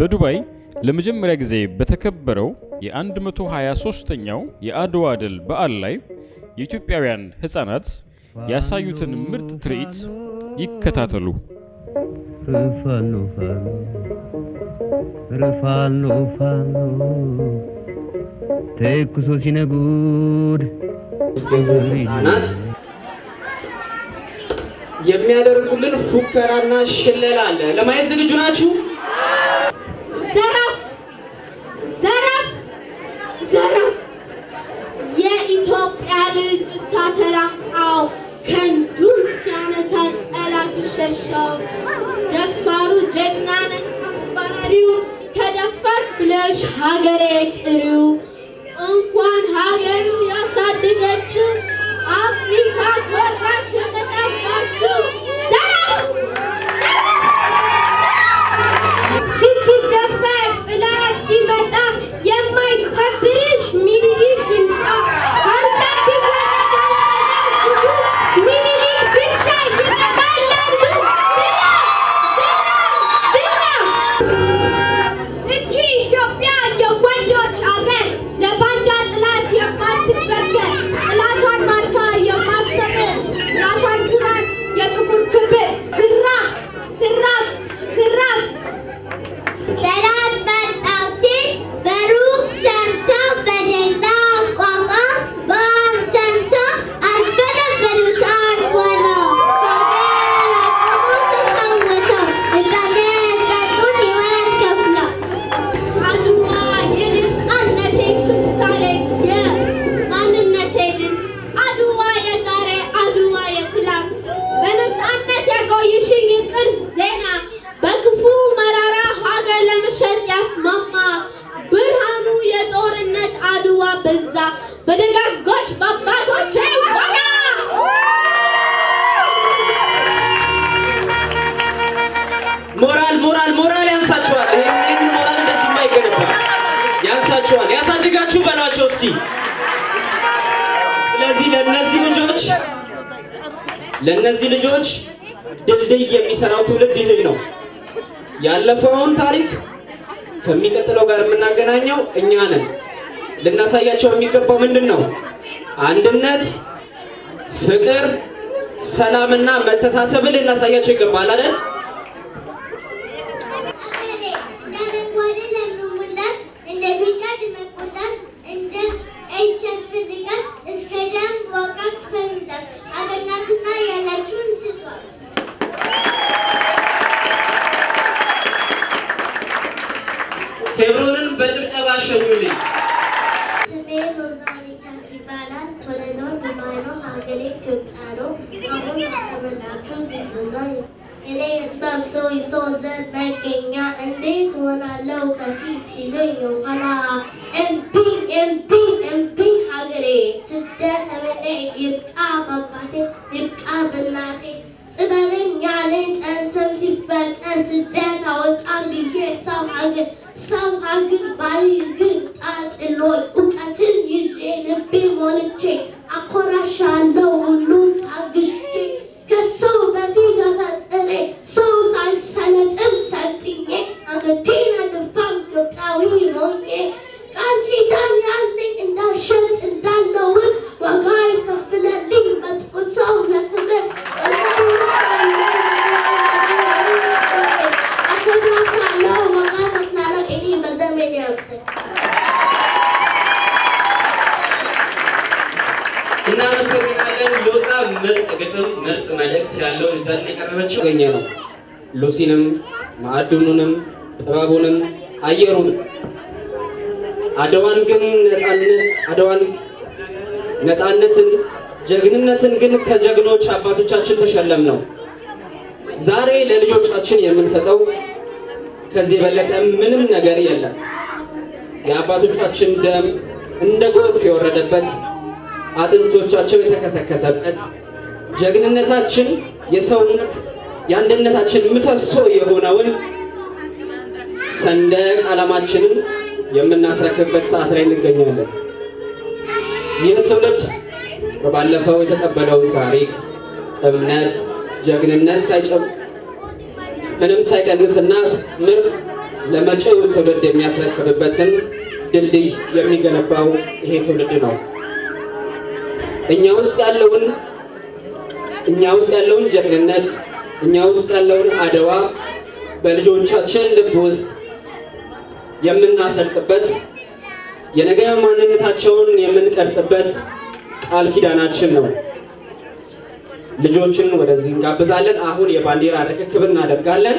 በዱባይ ለመጀመሪያ ጊዜ በተከበረው የ123ኛው የአድዋ ድል በዓል ላይ የኢትዮጵያውያን ህፃናት ያሳዩትን ምርጥ ትርኢት ይከታተሉ። ፋኖ ፋኖ ፋኖ ተኩሶ ሲነጉድ ህጻናት የሚያደርጉልን ፉከራና ሽለላ አለ። ለማየት ዝግጁ ናችሁ? ዘረፍ ዘረፍ ዘረፍ! የኢትዮጵያ ልጅ ሳተላቃው ከንዱን ሲያነሳ ጠላቱ ሸሻው። ደፋሩ ጀግና ነን ብለሽ ሀገሬ ጥሪው እንኳን ሀገሩ ያሳደገችን አፍሪካ ወርቃችን ለነዚህ ስለዚህ ልጆች ልጆች ድልድይ የሚሰራው ትውልድ ይህ ነው። ያለፈውን ታሪክ ከሚቀጥለው ጋር የምናገናኘው እኛ ነን። ልናሳያቸው የሚገባው ምንድን ነው? አንድነት፣ ፍቅር፣ ሰላምና መተሳሰብን ልናሳያቸው ይገባል አይደል? ሸኙልኝ። ስሜ ሮዛሪቻ ይባላል። ቶሌዶር ዱባይ ሀገሬ ኢትዮጵያ ነው። አሁን ያቀመላችሁ ግጥምና እኔ የጥበብ ሰው ይሰው ዘንድ መገኛ እንዴት ሆናለው ከፊት ሲለኝ ኋላ እምቢኝ እምቢኝ እምቢኝ ሀገሬ ስደት እምኔ ይብቃ በአባቴ ይብቃ በእናቴ ጥበበኛ ላይ ጠንተም ሲፈጠር ስደት አወጣም ብዬ ሰው ሀገር ሰው ሀገር ባይግር ጣጥሎ እውቀትን ይዤ ልቤ ሞልቼ አኮራሻለሁ ሁሉም ታግሽ beni ያውቁታል። እናመሰግናለን። ሎዛ ምርጥ ግጥም፣ ምርጥ መልእክት ያለው ይዛን የቀረበችው ገኘ ነው። ሉሲንም ማዕድኑንም ጥበቡንም አየሩን አድዋን ግን ነፃነት አድዋን ነፃነትን ጀግንነትን ግን ከጀግኖች አባቶቻችን ተሸለም ነው። ዛሬ ለልጆቻችን የምንሰጠው ከዚህ የበለጠ ምንም ነገር የለም። የአባቶቻችን ደም እንደ ጎርፍ የወረደበት፣ አጥንቶቻቸው የተከሰከሰበት፣ ጀግንነታችን የሰውነት የአንድነታችን ምሰሶ የሆነውን ሰንደቅ ዓላማችንን የምናስረክብበት ሰዓት ላይ እንገኛለን። ይህ ትውልድ በባለፈው የተቀበለውን ታሪክ፣ እምነት፣ ጀግንነት ሳይጨምር ምንም ሳይቀንስና ምርጥ ለመጪው ትውልድ የሚያስረክብበትን ድልድይ የሚገነባው ይሄ ትውልድ ነው። እኛ ውስጥ ያለውን እኛ ውስጥ ያለውን ጀግንነት እኛ ውስጥ ያለውን አድዋ በልጆቻችን ልብ ውስጥ የምናሰርጽበት የነገ ማንነታቸውን የምንቀርጽበት ቃል ኪዳናችን ነው። ልጆችን ወደዚህ እንጋብዛለን። አሁን የባንዲራ ርክክብ እናደርጋለን።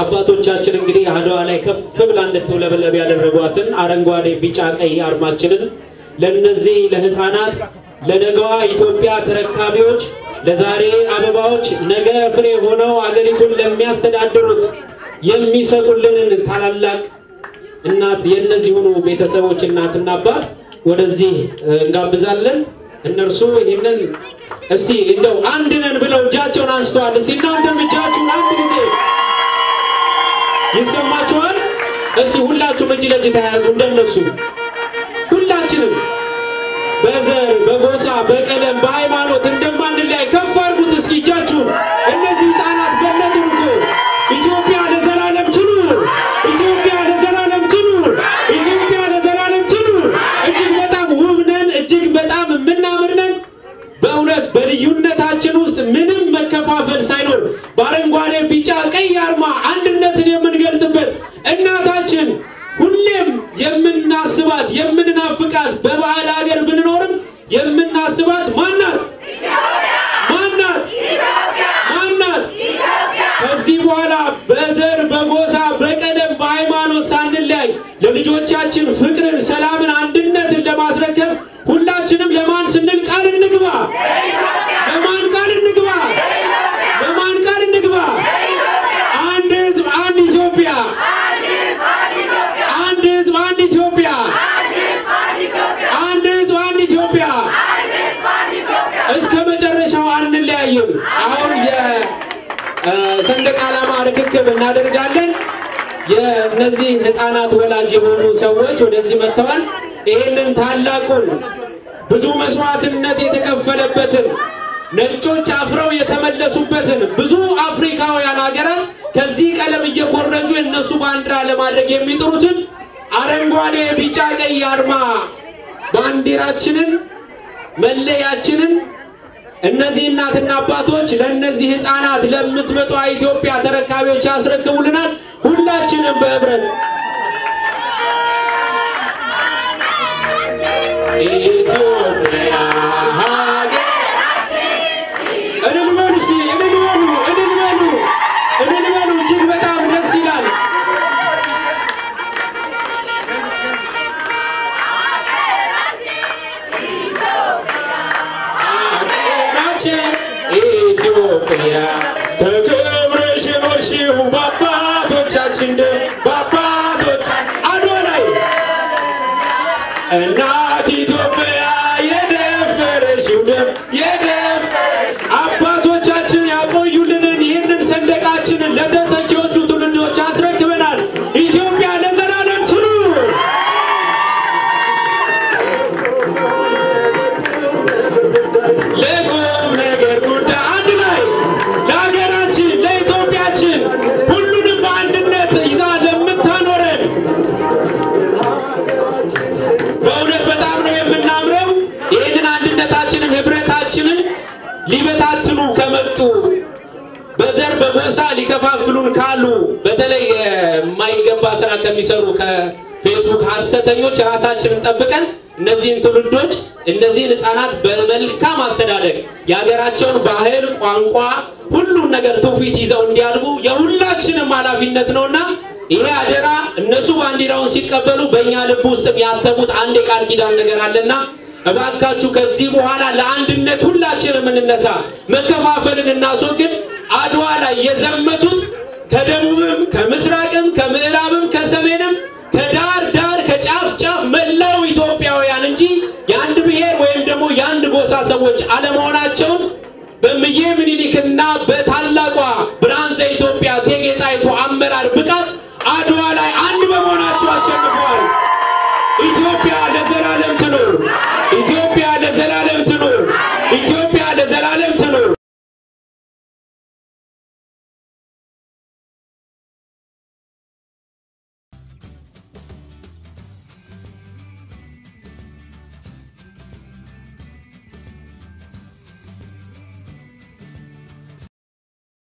አባቶቻችን እንግዲህ አድዋ ላይ ከፍ ብላ እንድትውለበለብ ያደረጓትን አረንጓዴ፣ ቢጫ፣ ቀይ አርማችንን ለነዚህ ለህፃናት ለነገዋ ኢትዮጵያ ተረካቢዎች ለዛሬ አበባዎች ነገ ፍሬ ሆነው አገሪቱን ለሚያስተዳድሩት የሚሰጡልንን ታላላቅ እናት የእነዚህ ቤተሰቦች እናትና አባት ወደዚህ እንጋብዛለን። እነርሱ ይህንን እስቲ እንደው አንድ ነን ብለው እጃቸውን አንስተዋል። እስቲ እናንተም እጃችሁን አንድ ጊዜ ይሰማችኋል? እስቲ ሁላችሁም እጅ ለእጅ ተያያዙ እንደነሱ ሁላችንም በዘር በጎሳ በቀለም በሃይማኖት እንደማንለያይ ከፍ አድርጉት እስኪ እጃችሁን የምናስባት ማናት? ማናት? ማናት? ከዚህ በኋላ በዘር በጎሳ በቀለም በሃይማኖት ሳንለያይ ለልጆቻችን ፍቅርን ርክክብ አሁን የሰንደቅ ዓላማ ርክክብ እናደርጋለን። የእነዚህ ህፃናት ወላጅ የሆኑ ሰዎች ወደዚህ መጥተዋል። ይህንን ታላቁን ብዙ መስዋዕትነት የተከፈለበትን ነጮች አፍረው የተመለሱበትን ብዙ አፍሪካውያን ሀገራት ከዚህ ቀለም እየኮረጁ የእነሱ ባንዲራ ለማድረግ የሚጥሩትን አረንጓዴ፣ ቢጫ፣ ቀይ አርማ ባንዲራችንን መለያችንን እነዚህ እናትና አባቶች ለእነዚህ ህፃናት ለምትመጧ ኢትዮጵያ ተረካቢዎች ያስረክቡልናል። ሁላችንም በህብረት ኢትዮጵያ Christian de Papa Adonai. And now ሊበታትኑ ከመጡ በዘር በመሳ ሊከፋፍሉን ካሉ በተለይ የማይገባ ስራ ከሚሰሩ ከፌስቡክ ሀሰተኞች ራሳችንን ጠብቀን እነዚህን ትውልዶች እነዚህን ህፃናት በመልካም አስተዳደግ የሀገራቸውን ባህል፣ ቋንቋ፣ ሁሉን ነገር ትውፊት ይዘው እንዲያድጉ የሁላችንም ኃላፊነት ነውና ይሄ አደራ እነሱ ባንዲራውን ሲቀበሉ በእኛ ልብ ውስጥ ያተሙት አንድ የቃል ኪዳን ነገር አለና እባካችሁ ከዚህ በኋላ ለአንድነት ሁላችን የምንነሳ መከፋፈልን እናስወግድ። አድዋ ላይ የዘመቱት ከደቡብም ከምስራቅም ከምዕራብም ከሰሜንም ከዳር ዳር ከጫፍ ጫፍ መላው ኢትዮጵያውያን እንጂ የአንድ ብሔር ወይም ደግሞ የአንድ ጎሳ ሰዎች አለመ you.